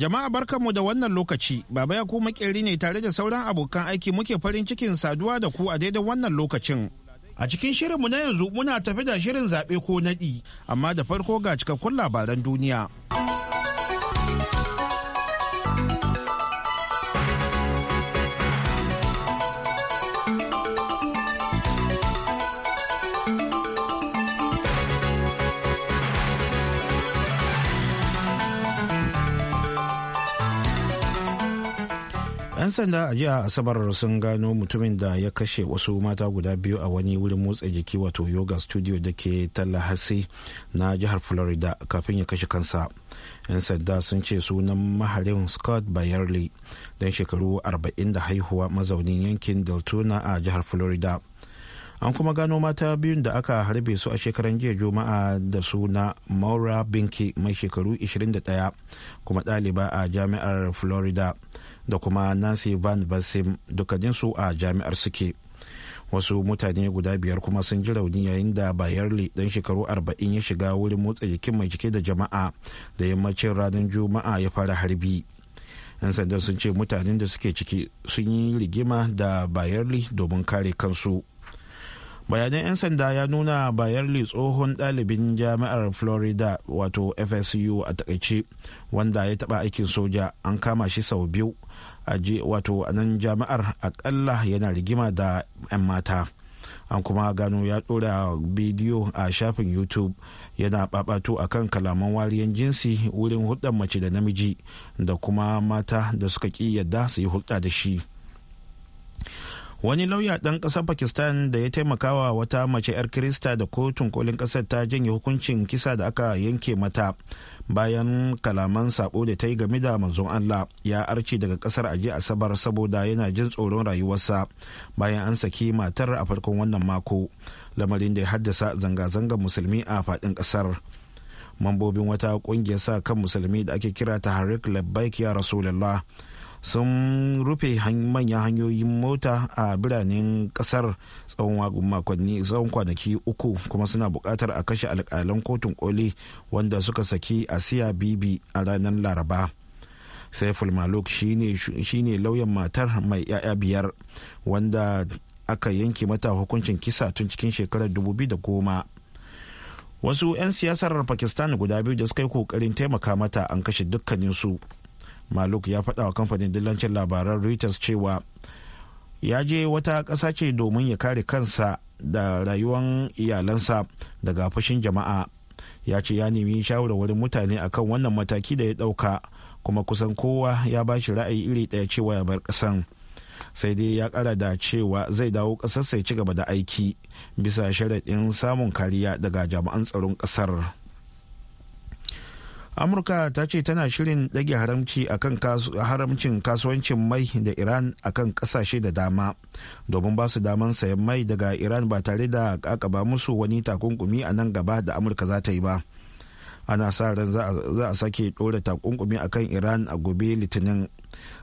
Jama'a barkanmu da wannan lokaci, Baba ya ku makeri ne tare da sauran abokan aiki muke farin cikin saduwa da ku a daidai wannan lokacin. A cikin shirinmu na yanzu muna tafi da shirin zaɓe ko naɗi, amma da farko ga cikakkun labaran duniya. 'yan sanda a jiya asabar sun gano mutumin da ya kashe wasu mata guda biyu a wani wurin motsa jiki wato yoga studio da ke tallahasi na jihar florida kafin ya kashe kansa 'yan sanda sun ce sunan maharin scott bayerly don shekaru 40 da haihuwa mazaunin yankin deltona a jihar florida an kuma gano mata biyun da aka harbe su a shekaran jiya juma'a da suna maura binki mai shekaru 21 kuma ɗaliba a jami'ar florida da kuma nancy van basim dukkaninsu a jami'ar suke wasu mutane guda biyar kuma sun ji rauni yayin da bayerli dan shekaru 40 ya shiga wurin motsa jikin mai jike da jama'a da yammacin ranar juma'a ya fara harbi yan sanda sun ce mutanen da suke ciki sun yi rigima da bayerli domin kare kansu bayanan 'yan sanda ya nuna bayar li tsohon ɗalibin jami'ar florida wato fsu a takaice wanda ya taɓa aikin soja an kama shi sau biyu wato a nan jami'ar akalla yana rigima da 'yan mata an kuma gano ya ɗora bidiyo a shafin youtube yana ɓaɓato a kan kalaman wariyar jinsi wurin hulɗar mace da namiji da kuma mata da suka ƙi yadda su yi hulɗa da shi wani lauya ɗan ƙasar pakistan da ya taimakawa wata mace 'yar kirista da kotun kolin ƙasar ta janye hukuncin kisa da aka yanke mata bayan kalaman sabo da ta yi game da manzon allah ya arce daga ƙasar aje asabar saboda yana jin tsoron rayuwarsa bayan an saki matar a farkon wannan mako lamarin da ya haddasa zanga-zangar musulmi a faɗin ƙasar mambobin wata ƙungiyar sa kan musulmi da ake kira ta harik labbaik ya rasulullah sun rufe manyan hanyoyin mota a biranen kasar tsawon makonni tsawon kwanaki uku kuma suna buƙatar a kashe alƙalan kotun koli wanda suka saki a siya bibi a ranar laraba saiful maluk shine lauyan matar mai 'ya'ya biyar wanda aka yanke mata hukuncin kisa tun cikin shekarar 2010 wasu 'yan siyasar pakistan guda biyu da suka yi kokarin taimaka mata an kashe dukkaninsu maluk ya faɗa wa kamfanin dillancin labaran reuters cewa ya je wata ƙasa ce domin ya kare kansa da rayuwar iyalansa daga fushin jama'a ya ce ya nemi shawarwarin mutane akan wannan mataki da ya ɗauka kuma kusan kowa ya ba shi ra'ayi iri ɗaya cewa ya bar ƙasan sai dai ya ƙara da cewa zai dawo ƙasar sai ci gaba da aiki bisa sharaɗin samun kariya daga jami'an tsaron ƙasar. amurka ta ce tana shirin ɗage haramcin kasuwancin mai da iran akan ƙasashe da dama domin ba su daman sayan mai daga iran ba tare da ƙaƙaba musu wani takunkumi a nan gaba da amurka za ta yi ba ana sa ran za a sake ɗora takunkumi a kan iran a gobe litinin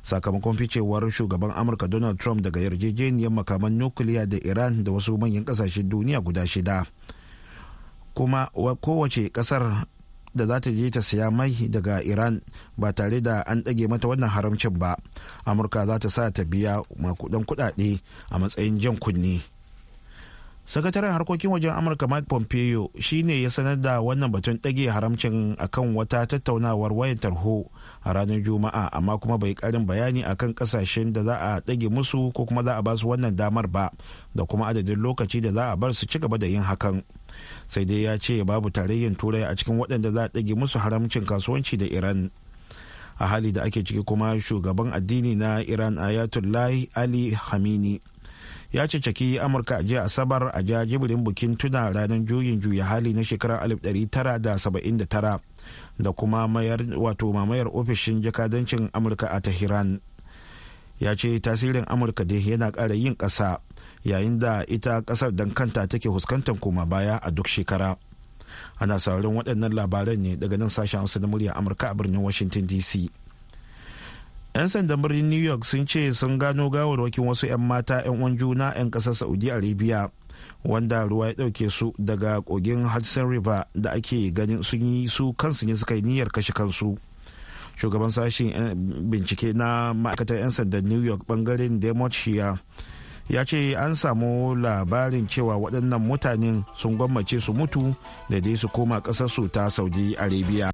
sakamakon ficewar shugaban amurka donald trump daga yarjejeniyar makaman nukiliya da iran da wasu manyan ƙasashen duniya guda shida kuma kowace kasar da za ta je ta saya mai daga iran ba tare da an ɗage mata wannan haramcin ba amurka za ta sa ta biya makudan kudade a matsayin jan kunni. sakataren harkokin wajen amurka mike pompeo shine ya sanar da wannan batun ɗage haramcin akan wata tattaunawar wayan tarho a ranar juma'a amma kuma bai karin bayani akan kasashen da za a ɗage musu ko kuma za a ba wannan damar ba da kuma adadin lokaci da za a bar su ci gaba da yin hakan sai dai ya ce babu tarayyar turai a cikin waɗanda za a ɗage musu haramcin kasuwanci da iran a hali da ake ciki kuma shugaban addini na iran ayatollah ali hamini ya cecaki amurka a jiya asabar a jajibirin bikin tuna ranar juyin juya hali na shekarar 1979 da kuma mayar wato mamayar ofishin jakadancin amurka a tahiran ya ce tasirin amurka dai yana ƙara yin ƙasa yayin da ita ƙasar dan kanta take fuskantar koma baya a duk shekara ana saurin waɗannan labaran ne daga nan sashen hausa na murya amurka a birnin washington dc 'yan sanda birnin new york sun ce sun gano gawarwakin wasu 'yan mata 'yan uwan juna 'yan kasar saudi arabia wanda ruwa ya dauke su daga kogin hudson river da ake ganin sun yi su kansu ne suka yi niyyar kashe kansu shugaban sashen eh, bincike na ma'aikatar 'yan sandan new york bangaren demotia ya ce an samu labarin cewa waɗannan mutanen sun gwammace su mutu da dai su koma ƙasarsu ta saudi arabia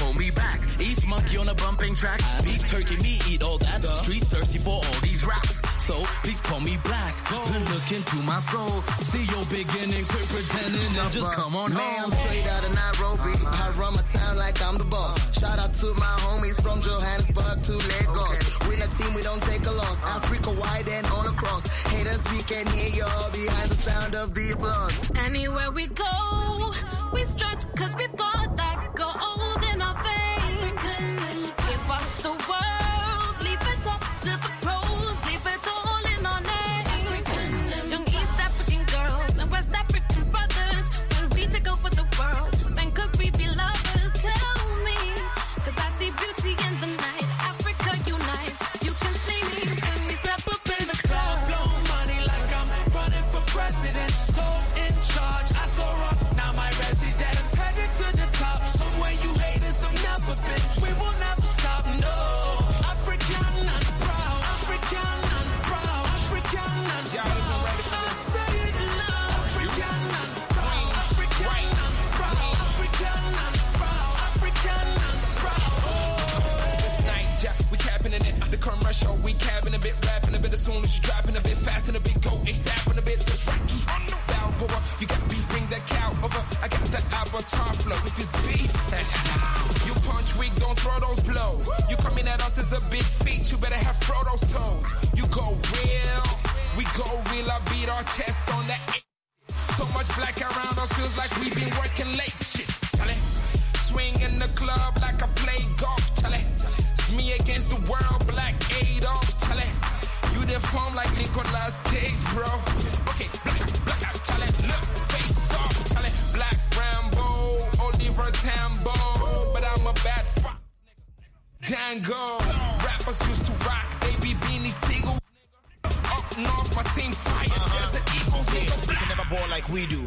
call me back. East monkey on a bumping track. Beef turkey, me eat all that. The streets thirsty for all these raps. So please call me black. Then look into my soul. See your beginning, quit pretending, and just come on Man, home. I'm straight out of Nairobi. Uh -huh. I run my town like I'm the boss. Shout out to my homies from Johannesburg to Lagos. Okay. are a team, we don't take a loss. Uh -huh. Africa wide and all across. Haters, we can hear y'all behind the sound of the applause. Anywhere we go, we stretch cause we've gone. happening it. The commercial, we cabbing a bit, rapping a bit as soon as you dropping a bit, fast and a bit, go ASAP a bit, just Rocky on the Balboa. You got beef, bring that cow over. I got that avatar flow. If it's beef, you punch weak, don't throw those blows. You coming at us as a big feat, you better have Frodo's toes. You go real, we go real. I beat our chests on that. So much black around us feels like we've been working late. Shit, Swing in the club like I play golf, Charlie me against the world, black Adolf, challenge. You deform like Nicolas Cage, bro. Okay, black, black out, challenge. Look, face off, challenge. Black Rambo, Oliver Tambo. But I'm a bad fuck, nigga. Django. Rappers used to rock, they be beanie single. North, my team fire. There's an equal here. They can never ball like we do.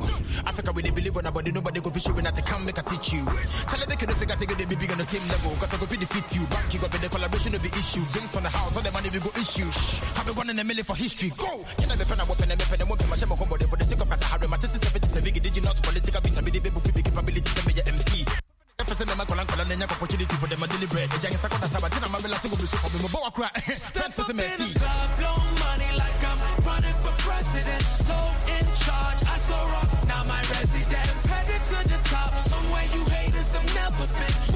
Africa, we they believe on nobody, nobody go fish when I come make I teach you. Tell them they can say, I say, they be big on the same level. Cause I go feed defeat you. Back you up in the collaboration will be issue. Drinks from the house, all the money we go issue. Shh. Have it one in a million for history. Go! You know, the pen, I weapon, and weapon, and weapon, my shaman combo, for the sake of us, I have my sister, 77 big, did you not political beats, I be the baby, big capability, send me your MC. Stand for the men in the club, president, so in charge. I saw rock, now my residence. Headed to the top, somewhere you haters have never been.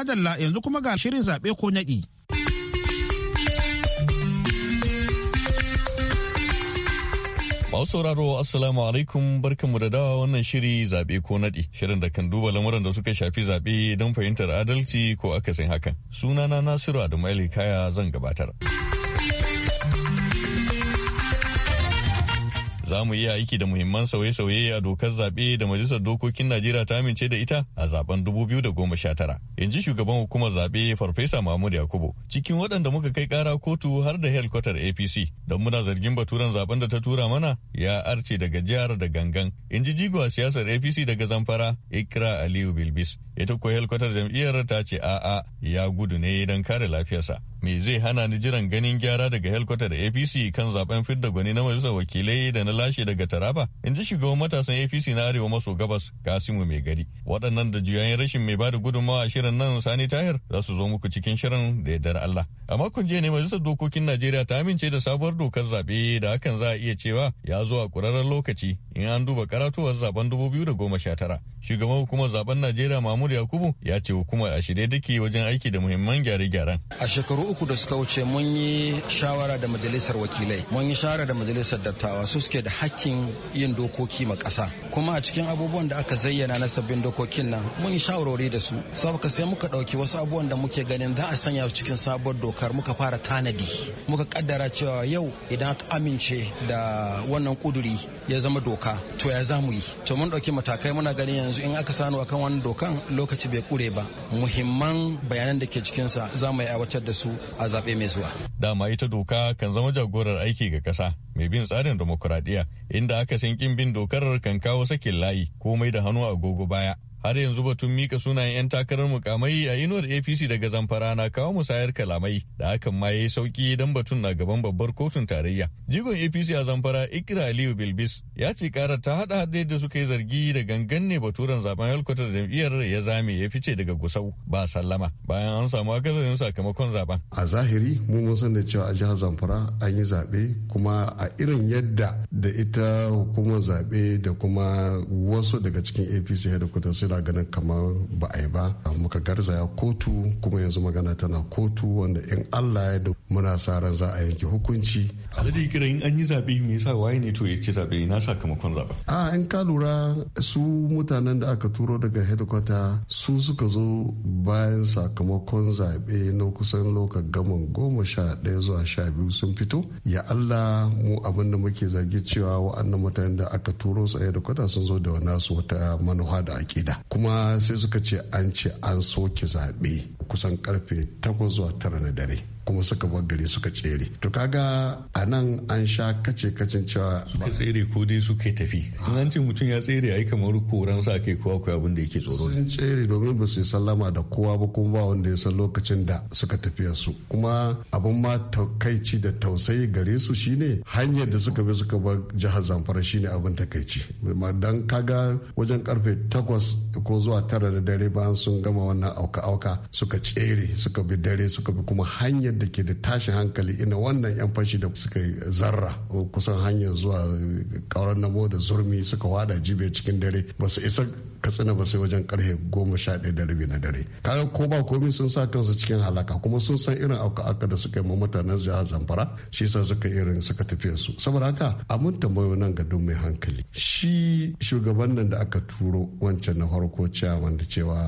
madalla yanzu kuma ga shirin zaɓe ko naɗi. Masu sauraro Assalamu alaikum barkanmu da dawa wannan shiri zaɓe ko naɗi shirin da kan duba lamuran da suka shafi zaɓe don fahimtar adalci ko akasin hakan. Sunana Nasiru Adamu Kaya zan gabatar. za mu iya aiki da muhimman sauye-sauye a dokar zaɓe da majalisar dokokin najeriya ta amince da ita a zaben 2019 in ji shugaban hukumar zaɓe farfesa mahmud yakubu cikin waɗanda muka kai ƙara kotu har da helkwatar apc don muna zargin baturen zaben da ta tura mana ya arce daga jihar da gangan in ji jigo a siyasar apc daga zamfara ikra aliyu bilbis ita ko helkwatar jam'iyyar ta ce a'a ya gudu ne don kare lafiyarsa me zai hana ni jiran ganin gyara daga da apc kan zaben fidda gwani na majalisar wakilai da na lashe daga taraba in ji shugaban matasan apc na arewa maso gabas kasimu mai gari waɗannan da juyayen rashin mai bada gudunmawa shirin nan sani tahir za su zo muku cikin shirin da yardar allah a makon jiya ne majalisar dokokin najeriya ta amince da sabuwar dokar zaɓe da hakan za a iya cewa ya zo a ƙurarren lokaci in an duba karatuwar zaben tara shugaban hukumar zaben najeriya mahmud yakubu ya ce hukumar a shirye take wajen aiki da muhimman gyare-gyaren a shekaru uku da suka wuce mun yi shawara da majalisar wakilai mun yi shawara da majalisar dattawa su suke da hakkin yin dokoki ma kasa kuma a cikin abubuwan da aka zayyana na sabbin dokokin nan mun yi shawarwari da su saboda sai muka ɗauki wasu abubuwan da muke ganin za a sanya su cikin sabuwar dokar muka fara tanadi muka kaddara cewa yau idan aka amince da wannan kuduri ya zama doka to ya za mu yi to mun ɗauki matakai muna ganin yanzu in aka sanu akan wannan dokan lokaci bai kure ba muhimman bayanan da ke cikinsa za mu yi aiwatar da su a zaɓe mai zuwa. Dama ita doka kan zama jagorar aiki ga ƙasa mai bin tsarin demokuraɗiyya inda aka san ƙimbin bin dokar kan kawo sakin layi komai da hannu a agogo baya. har yanzu batun mika sunayen 'yan takarar mukamai a inuwar apc daga zamfara na kawo musayar kalamai da hakan ma ya yi sauki don batun na gaban babbar kotun tarayya jigon apc a zamfara ikira aliyu bilbis ya ce karar ta hada hadde da suka yi zargi da gangan ne baturen zaben halkwatar jam'iyyar ya zame ya fice daga gusau ba sallama bayan an samu akasarin sakamakon zaben a zahiri mu mun san da cewa a jihar zamfara an yi zaɓe kuma a irin yadda da ita hukumar zaɓe da kuma wasu daga cikin apc headquarters na ganin kamar ba a yi ba muka garzaya kotu kuma yanzu magana tana kotu wanda in allah ya da muna sa ran za a yanke hukunci alade kira in an yi zaɓe me yasa waye ne to ya ci zaɓe na sakamakon zaɓe a in ka lura su mutanen da aka turo daga hedikwata su suka zo bayan sakamakon zaɓe na kusan lokacin gaman goma sha ɗaya zuwa sha biyu sun fito ya allah mu abin da muke zargi cewa wa'annan mutanen da aka turo su a hedikwata sun zo da nasu wata manuwa da aƙida kuma sai suka ce an ce an soke zaɓe kusan karfe 8 zuwa 9 na dare kuma suka bar gari suka tsere to kaga a nan an sha kace kacin cewa suka tsere ko dai suka tafi an ce mutum ya tsere ai kamar koran sa kai kowa koyi abin da yake tsoro sun tsere domin ba su yi sallama da kowa ba kuma ba wanda ya san lokacin da suka tafiya su kuma abin ma takaici da tausayi gare su shine hanyar da suka bi suka bar jihar zamfara shine abin takaici dan kaga wajen karfe takwas ko zuwa tara da dare bayan sun gama wannan auka-auka suka tsere suka bi dare suka bi kuma hanyar da ke da tashin hankali ina wannan 'yan fashi da suka zarra kusan hanyar zuwa kauran namo da zurmi suka wada jibe cikin dare ba su isa katsina ba sai wajen karfe goma sha ɗaya da rabi na dare kaga ko ba komi sun sa kansu cikin halaka kuma sun san irin auka aka da suka yi ma mutanen jihar zamfara shi yasa suka irin suka tafiya su saboda haka abin tambayo nan ga don mai hankali shi shugaban nan da aka turo wancan na farko ciyaman da cewa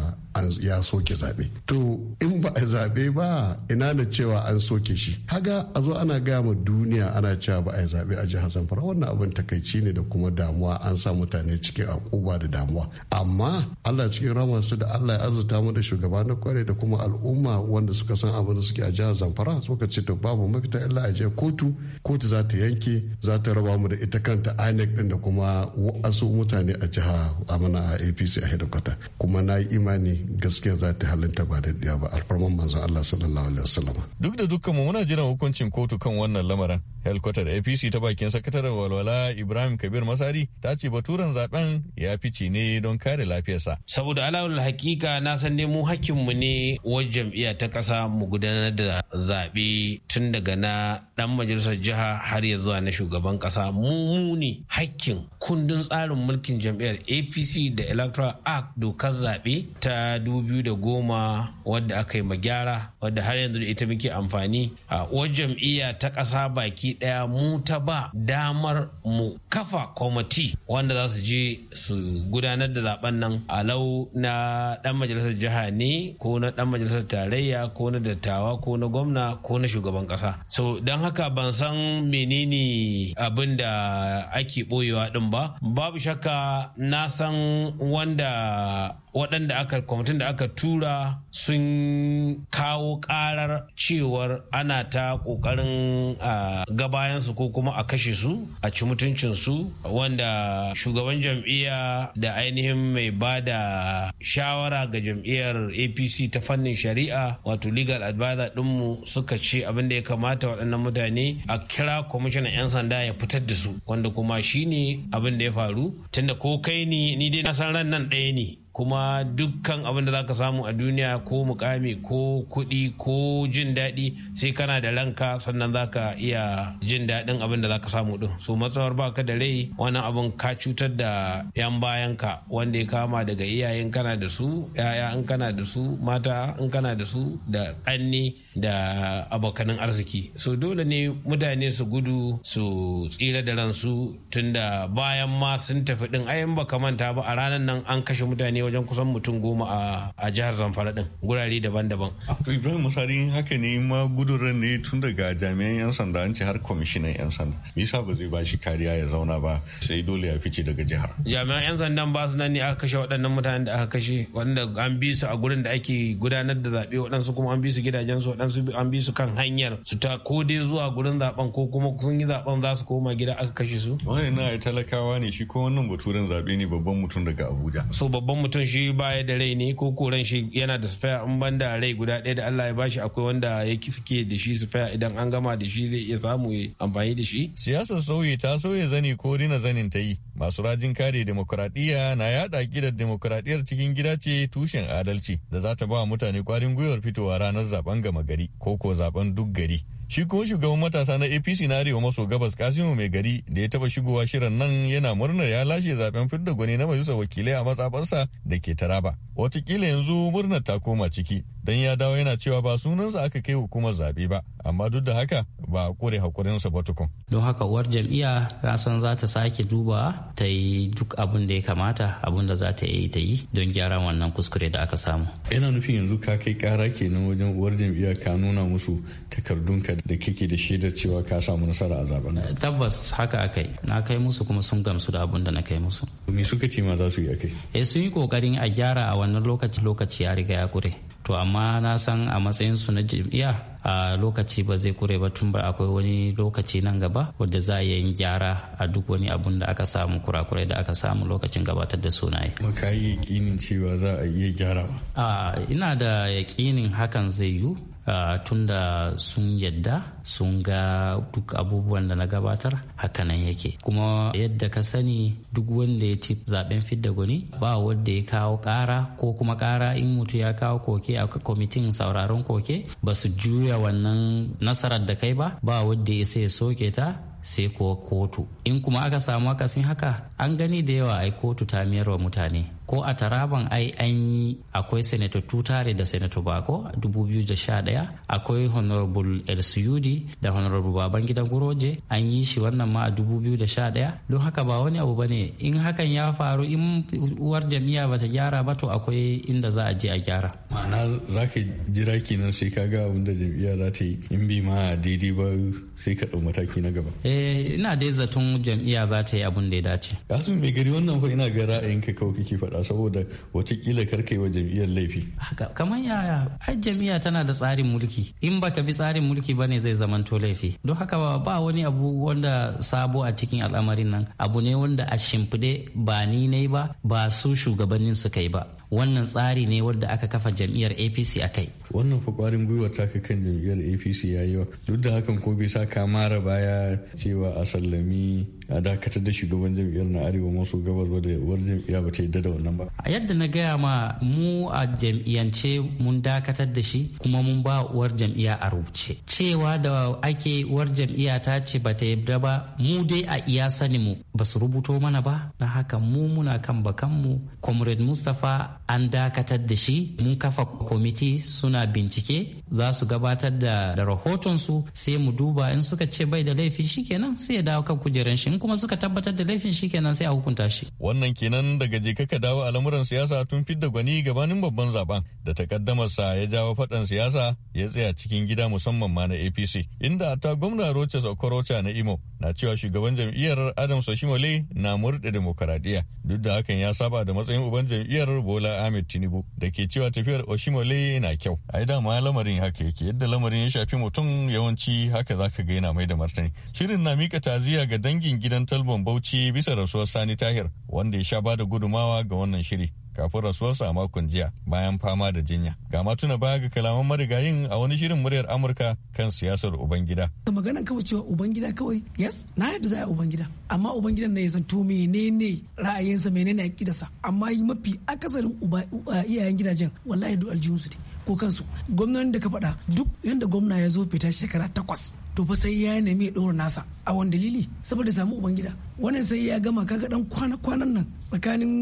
ya soke zaɓe to in ba a zaɓe ba ina da cewa an soke shi haga a zo ana gaya ma duniya ana cewa ba a yi zaɓe a jihar zamfara wannan abin takaici ne da kuma damuwa an sa mutane cikin akuba da damuwa a amma allah cikin su da allah ya azurta mu da shugaba na kware da kuma al'umma wanda suka san abin da suke a jihar zamfara suka ce to babu mafita illa a je kotu kotu za ta yanke za ta raba mu da ita kanta inec din da kuma wasu mutane a jiha amana a apc a hedikwata kuma na yi imani gaskiya za ta halinta ba da ba alfarman manzon allah sallallahu alaihi wasallam duk da dukkan mu muna jiran hukuncin kotu kan wannan lamarin da apc ta bakin sakataren walwala ibrahim kabir masari ta ce baturen zaben ya fice ne don kai. kare lafiyarsa. Saboda alawar hakika na san dai mu hakkinmu ne wajen jam'iyya ta ƙasa mu gudanar da zaɓe tun daga na dan majalisar jiha har ya na shugaban kasa mu ne hakkin kundin tsarin mulkin jam'iyyar apc da electoral act dokar zaɓe ta da goma wadda aka yi magyara wadda har yanzu ita muke amfani a uwar jam'iyya ta ƙasa baki ɗaya mu ta ba damar mu kafa kwamiti wanda za su je su gudanar da zaben nan alau na dan majalisar jiha ne ko na dan majalisar tarayya ko na dattawa ko na gwamna ko na shugaban ƙasa so don haka haka ban san menene abin da ake ɓoyewa ɗin ba babu shakka na san wanda waɗanda aka kwamitin da aka tura sun kawo ƙarar cewar ana ta ƙoƙarin a gabayansu ko kuma a kashe su a ci mutuncinsu wanda shugaban jam'iyya da ainihin mai ba da shawara ga jam'iyyar apc ta fannin shari'a wato legal advisor ɗinmu suka ce abin da ya kamata waɗannan mutane a kira kwamishinan 'yan sanda ya fitar da su wanda kuma shine abin da ya faru tunda ko kai ne ni dai na san ran nan ɗaya ne kuma dukkan abin da za ka samu a duniya ko mukami ko kuɗi ko jin daɗi sai kana da ranka sannan za ka iya jin daɗin abin da za ka samu ɗin so matsawar ka da rai wani abin ka cutar da 'yan bayanka wanda ya kama daga iyayen kana da su 'ya'ya in kana da su mata in kana da su da ƙanni da abokanin arziki so dole ne mutane su gudu su tsira da ransu tunda bayan ma sun tafi ɗin ayan baka manta ba a ranar nan an kashe mutane wajen kusan mutum goma a jihar zamfara din gurare daban-daban ibrahim musari haka ne ma guduran ne tun daga jami'an yan sanda an ce har kwamishinan yan sanda bisa ba zai ba shi kariya ya zauna ba sai dole ya fice daga jihar jami'an yan sandan ba su nan ne aka kashe waɗannan mutanen da aka kashe wanda an bi su a gurin da ake gudanar da zaɓe waɗansu kuma an bi su gidajensu waɗansu an bi su kan hanyar su ta ko dai zuwa gurin zaben ko kuma sun yi zaben za su koma gida aka kashe su wannan na talakawa ne shi ko wannan baturen zaɓe ne babban mutum daga abuja so babban mutum mutum shi baya da rai ne ko ran shi yana da sufaya in banda rai guda ɗaya da Allah ya bashi akwai wanda ya suke da shi sufaya idan an gama da shi zai iya samu ya amfani da shi. Siyasar sauyi ta sauya zani ko rina zanin ta yi. Masu rajin kare demokuraɗiyya na yaɗa gidan demokuraɗiyyar cikin gida ce tushen adalci da za ta ba mutane kwarin gwiwar fitowa ranar zaben gama gari ko ko zaben duk gari. Shi kuma shugaban matasa na APC na Arewa maso gabas Kasimu mai gari da ya taba shigowa shirin nan yana murnar ya lashe zaben fidda gwani na majalisar wakilai a matsafarsa da ke Taraba. Watakila yanzu murnar ta koma ciki don ya dawo yana cewa ba sunansa aka kai hukumar zaɓe ba amma duk da haka ba a kure sa ba tukun. Don haka uwar jam'iyya rasan za ta sake duba ta yi duk abin da ya kamata abin da za ta yi ta yi don gyara wannan kuskure da aka samu. Yana nufin yanzu ka kai kara kenan wajen uwar jam'iyya ka nuna musu takardunka da kike da shi da cewa ka samu nasara a zaben tabbas haka aka yi na kai musu kuma sun gamsu da abun da na kai musu me suka ce ma za su yi kai. eh sun yi kokarin a gyara a wannan lokaci lokaci ya riga ya kure to amma na san a matsayin su na jami'a a lokaci ba zai kure ba tun ba akwai wani lokaci nan gaba wadda za a yin gyara a duk wani abun da aka samu kurakurai da aka samu lokacin gabatar da sunaye. Maka yi yakinin cewa za a iya gyara ba. ina da yakinin hakan zai yiwu Ah, tunda sun yadda sun ga duk abubuwan da na gabatar hakanan yake kuma yadda ka sani duk wanda ya ci zaben fidda gwani ba wanda ya kawo kara ko kuma kara in mutu ya kawo koke a kwamitin sauraron koke ba su juya wannan nasarar da kai ba ba wanda ya sai soke ta sai ko kotu in kuma aka samu akasin haka an gani da yawa ai kotu ta mayar wa mutane ko a taraban ai an yi akwai senator tutare da senato bako 2011 akwai honorable el suyudi da honorable baban gidan guroje an yi shi wannan ma a 2011 don haka ba wani abu bane in hakan ya faru in uwar jami'a ba ta gyara ba to akwai inda za a je a gyara ma'ana za ka jira kenan sai ka ga abin da jami'a za ta yi in bi ma daidai ba sai ka ɗau mataki na gaba eh ina dai zaton jami'a za ta yi abun da ya dace kasu mai gari wannan fa ina ga ra'ayinka kawai kake faɗa saboda watakila yi wa jam'iyyar laifi kamar yaya ai jam'iyya tana da tsarin mulki in baka bi tsarin mulki bane zai zamanto laifi don haka ba wani abu wanda sabo a cikin al'amarin nan abu ne wanda a shimfide ba ni ne ba ba su shugabannin suka yi ba wannan tsari ne wadda aka kafa jam'iyyar apc a kai wannan fa kwarin gwiwa ta kan jam'iyyar apc ya yi duk da hakan ko bai sa kamara baya cewa a sallami a dakatar da shugaban jam'iyyar na arewa maso gabas ba da yawar jam'iyya ba ta yadda da wannan ba a yadda na gaya ma mu a jam'iyyance mun dakatar da shi kuma mun ba uwar jam'iyya a rubuce cewa da ake uwar jam'iyya ta ce ba ta yadda ba mu dai a iya sani mu ba su rubuto mana ba na haka mu muna kan bakanmu comrade mustapha an dakatar da shi mun kafa kwamiti suna bincike za su gabatar da, da rahotonsu sai mu duba in suka ce bai da laifin shi kenan sai ya dawo kan kujeran shi in kuma suka tabbatar da laifin shi kenan sai a hukunta shi wannan kenan daga je kaka dawo al'amuran siyasa tun fidda gwani gabanin babban zaben da sa ya jawo faɗan siyasa ya tsaya cikin gida musamman ma na apc inda ta gwamna rochas okorocha na imo na cewa shugaban jam'iyyar adam soshimole na murɗe demokaradiyya duk da hakan ya saba da matsayin uban jam'iyyar bola ahmed tinubu da ke cewa tafiyar oshimole na kyau a yi dama lamarin haka yake yadda lamarin ya shafi mutum yawanci haka zaka ga yana mai da martani shirin na mika taziya ga dangin gidan talban bauchi bisa rasuwar sani tahir wanda ya sha bada gudumawa ga wannan shiri kafin rasuwarsa a makon jiya bayan fama da jinya. Ga matuna baya ga kalaman marigayin a wani shirin muryar Amurka kan siyasar Ubangida. ka magana kawai cewa Ubangida kawai, yes, na yadda za a Ubangida. Amma Ubangidan na ya zanto menene ra'ayinsa menene akidarsa. Amma mafi akasarin iyayen gidajen wallahi duk aljihunsu ne ko kansu. Gwamnan da ka faɗa duk yadda gwamna ya zo fita shekara takwas to fa sai ya nemi ya ɗora nasa a wani dalili saboda samu ubangida wannan sai ya gama kaga dan kwana kwanan nan tsakanin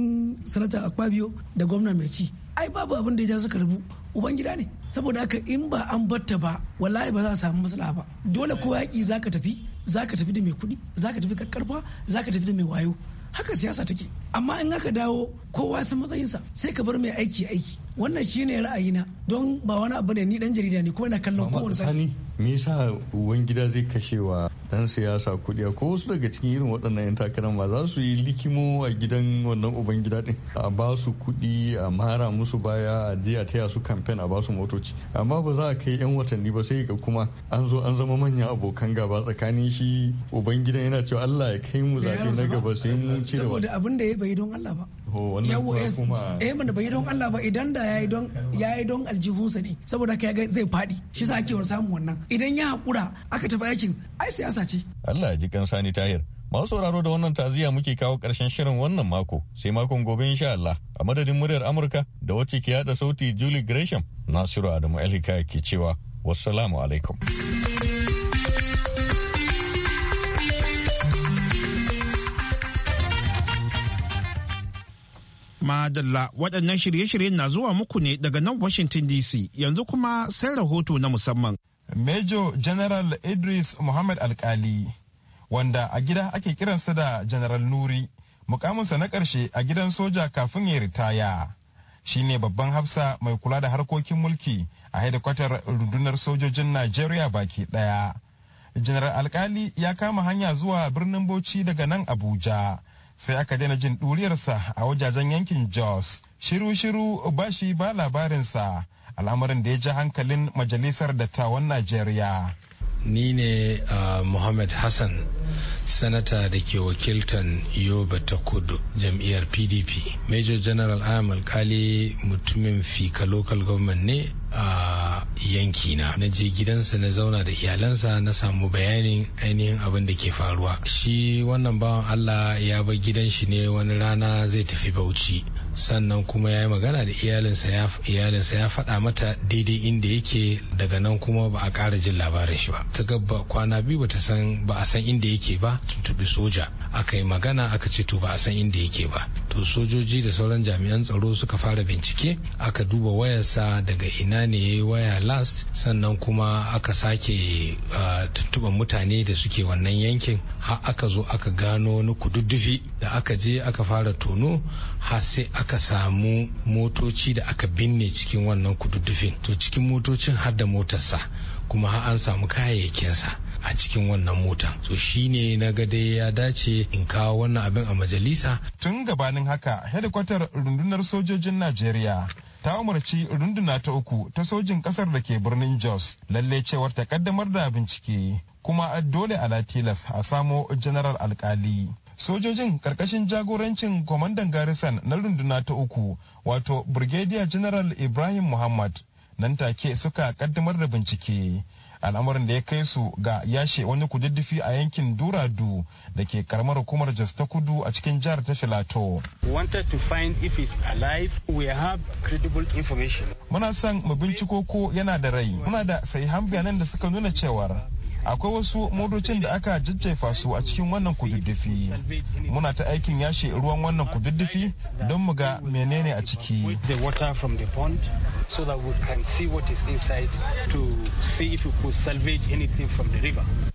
sanata akpabio da gwamna mai ci ai babu abin da ya ja suka rubu ubangida ne saboda haka in ba an batta ba wallahi ba za a samu matsala ba dole ko yaƙi zaka tafi zaka tafi da mai kuɗi zaka tafi karkarfa zaka tafi da mai wayo haka siyasa take amma in aka dawo kowa san matsayinsa sai ka bar mai aiki aiki wannan shi shine ra'ayina don ba wani abu ne ni dan jarida ne ko na kallon kowane sani me yasa uban gida zai kashe wa dan siyasa kuɗi ko wasu daga cikin irin waɗannan yan takara ma za su yi likimo a gidan wannan uban gida din a ba su kudi a mara musu baya a je a taya su kamfen a ba su motoci amma ba za a kai yan watanni ba sai ga kuma an zo an zama manyan abokan gaba tsakanin shi uban gidan yana cewa Allah ya kai mu zaɓe na gaba sai mu ci saboda abin da ya bai don Allah ba yawo eh mana bai don Allah ba idan da yayi don yayi don aljihunsa ne saboda ka ga zai fadi shi sa ake samun wannan idan ya hakura aka tafi aikin ai siyasa ce Allah ya ji kan sani tahir Masu sauraro da wannan taziya muke kawo karshen shirin wannan mako sai makon gobe insha Allah a madadin muryar Amurka da wacce ke yada sauti Julie Gresham Nasiru Adamu Elika ke cewa wassalamu alaikum. Madalla waɗannan shirye-shiryen na zuwa muku ne daga nan Washington DC yanzu kuma sai rahoto na musamman. Major General Idris Muhammad Alkali wanda a gida ake kiransa da General Nuri mukaminsa na ƙarshe a gidan soja kafin ya ritaya. Shi ne babban hafsa mai kula da harkokin mulki a hedikwatar rundunar sojojin Najeriya baki ɗaya. General Alkali ya kama hanya zuwa birnin Bauchi daga nan Abuja. sai aka daina jin ɗuriyarsa a wajajen yankin Jos. Shiru-shiru ba shi ba labarinsa al'amarin da ya ji hankalin majalisar dattawan Najeriya. ni ne uh, Mohammed Muhammad Hassan sanata da ke wakiltan Yoba ta Kudu jam'iyyar PDP. Major General Ayam Alkali mutumin Fika Local Government ne a yankina. Na je gidansa na zauna da iyalansa na samu bayanin ainihin abin da ke faruwa. Shi wannan bawan Allah ya bar gidan shi ne wani rana zai tafi Bauchi. sannan kuma ya yi magana da iyalinsa ya faɗa mata daidai inda yake daga nan kuma ba a ƙara jin labarin shi ba ta gabba kwana biyu ba san ba a san inda yake ba tuntuɓi soja aka yi magana aka ce to ba a san inda yake ba to sojoji da sauran jami'an tsaro suka fara bincike aka duba wayarsa daga ina ne ya yi waya last sannan kuma aka sake tuntuban mutane da suke wannan yankin har aka zo aka gano wani kududdufi da aka je aka fara tono har sai aka samu motoci da aka binne cikin wannan kududdufin to cikin motocin har da motarsa kuma har an samu kayayyakinsa a cikin wannan mota shi ne na ga dai ya dace in kawo wannan abin a majalisa tun gabanin haka hedikwatar rundunar sojojin najeriya ta umarci runduna ta uku ta sojin kasar da ke birnin jos lalle cewar ta kaddamar da bincike kuma dole a latilas a samo general alkali sojojin karkashin jagorancin kwamandan garrison na runduna ta uku wato brigadier general ibrahim muhammad nan take suka kaddamar da bincike al'amarin da ya kai su ga yashe wani kududdufi a yankin duradu da ke karamar hukumar jos ta kudu a cikin jihar ta filato muna son mu binciko ko yana da rai muna da sahihan bayanan da suka nuna cewar akwai wasu motocin da aka jajjefa su a cikin wannan kududdufi muna ta aikin yashe ruwan wannan kududdufi don mu ga menene a ciki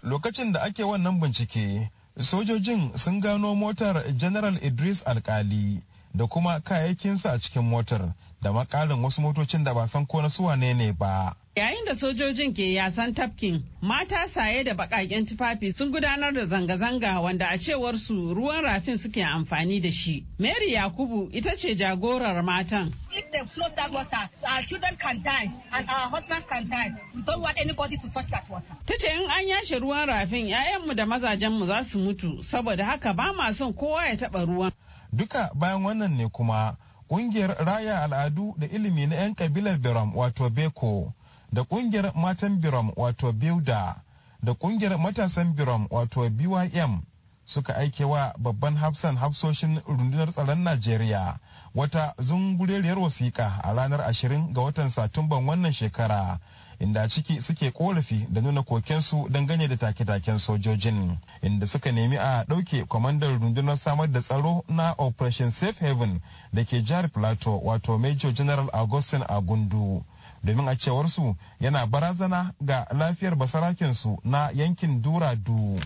Lokacin da ake wannan bincike, sojojin sun gano motar General Idris Alkali da kuma kayayyakinsa a cikin motar da makalin wasu motocin da ba san ko na suwa ne ba. Yayin da sojojin ke yasan tafkin, mata saye da baƙaƙen tufafi sun gudanar da zanga-zanga wanda a cewar su ruwan rafin suke amfani da shi. Mary Yakubu ita ce jagorar matan. If they float that water, our children can die and our husbands can die. We don't want anybody to touch that water. Ta ce in an yashe ruwan rafin, 'ya'yanmu da mazajenmu za su mutu, saboda haka ba ma son kowa ya taɓa ruwan. Duka bayan wannan ne kuma, ƙungiyar Raya Al'adu da Ilimi na 'yan kabilar Biram wato Beko. da kungiyar matan Birom wato bilda da kungiyar matasan Birom wato bym suka aike wa babban hafsan hafsoshin rundunar tsaron najeriya wata zunguriyar wasiƙa a ranar 20 ga watan satumban wannan shekara inda ciki suke korafi da nuna kokensu gane da take-taken sojojin inda suka nemi a ɗauke kwamandan rundunar samar da tsaro na operation safe haven da ke jihar plateau wato major general augustin agundu domin a cewarsu yana barazana ga lafiyar basarakinsu na yankin duradu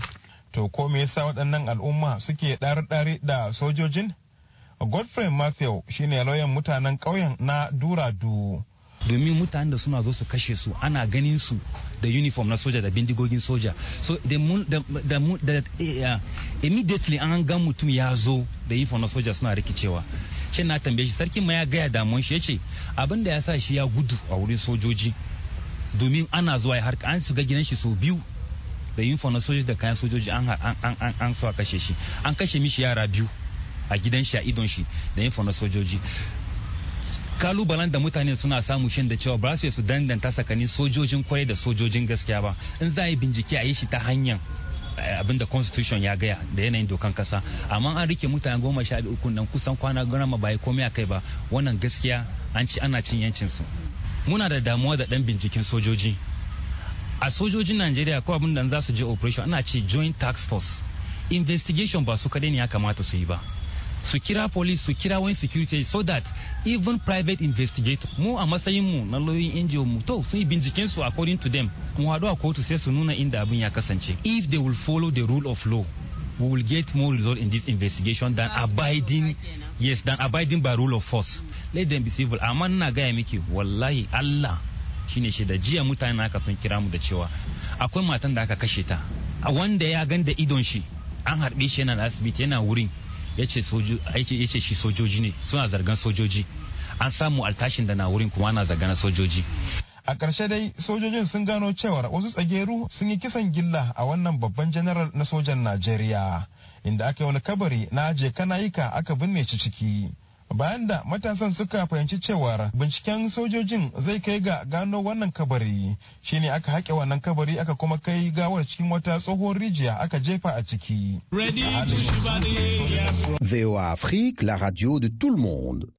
to ko me yasa waɗannan al'umma suke ɗare-ɗare da sojojin godfrey matthew shine lauyan mutanen ƙauyen na duradu domin mutanen da suna zo su kashe su ana ganin su da uniform na soja da bindigogin soja so da eh, immediately an ga mutum ya zo da uniform na soja suna rikicewa shin na tambaye shi sarkin ma ya gaya damuwan shi yace abin da ya sa shi ya gudu a wurin sojoji domin ana zuwa ya harka an shiga gidan shi sau biyu da yin na sojoji da kayan sojoji an an an an so kashe shi an kashe mishi yara biyu a gidan shi a idon shi da yin na sojoji kalubalen da mutane suna samu shin da cewa ba su su danganta tsakanin sojojin kwarai da sojojin gaskiya ba in za a yi bincike a yi shi ta hanyar Abin da constitution ya gaya da yanayin dokan kasa amma an rike mutane goma sha biyu nan kusan kwana goma ba komai a kai ba wannan gaskiya an ci ana cin yancin su muna da damuwa da dan binciken sojoji a sojojin Najeriya ko abin da za su je operation ana ci joint tax force investigation ba su kadai ne ya kamata su yi ba su kira police su kira wani security so that even private investigator mu a matsayin mu na lauyoyin NGO mu to sun yi binciken su according to them mu hadu a kotu sai su nuna inda abin ya kasance if they will follow the rule of law we will get more result in this investigation than abiding yes than abiding by rule of force mm. let them be civil amma na gaya miki wallahi Allah shine shi da jiya mutane na sun kira mu da cewa akwai matan da aka kashe ta wanda ya ganda idon shi an harbe shi yana da asibiti yana wurin ya ce shi sojoji ne suna zargan sojoji an samu altashin da na wurin kuma ana zargana sojoji a ƙarshe dai sojojin sun gano cewar wasu tsageru sun yi kisan gilla a wannan babban janaral na sojan najeriya inda aka yi wani kabari na je kanayika aka binne shi ciki bayan da matasan suka fahimci cewar binciken sojojin zai kai ga gano wannan kabari shine aka haƙe wannan kabari aka kuma kai gawar cikin wata tsohon rijiya aka jefa a ciki. VOA Afrique, la radio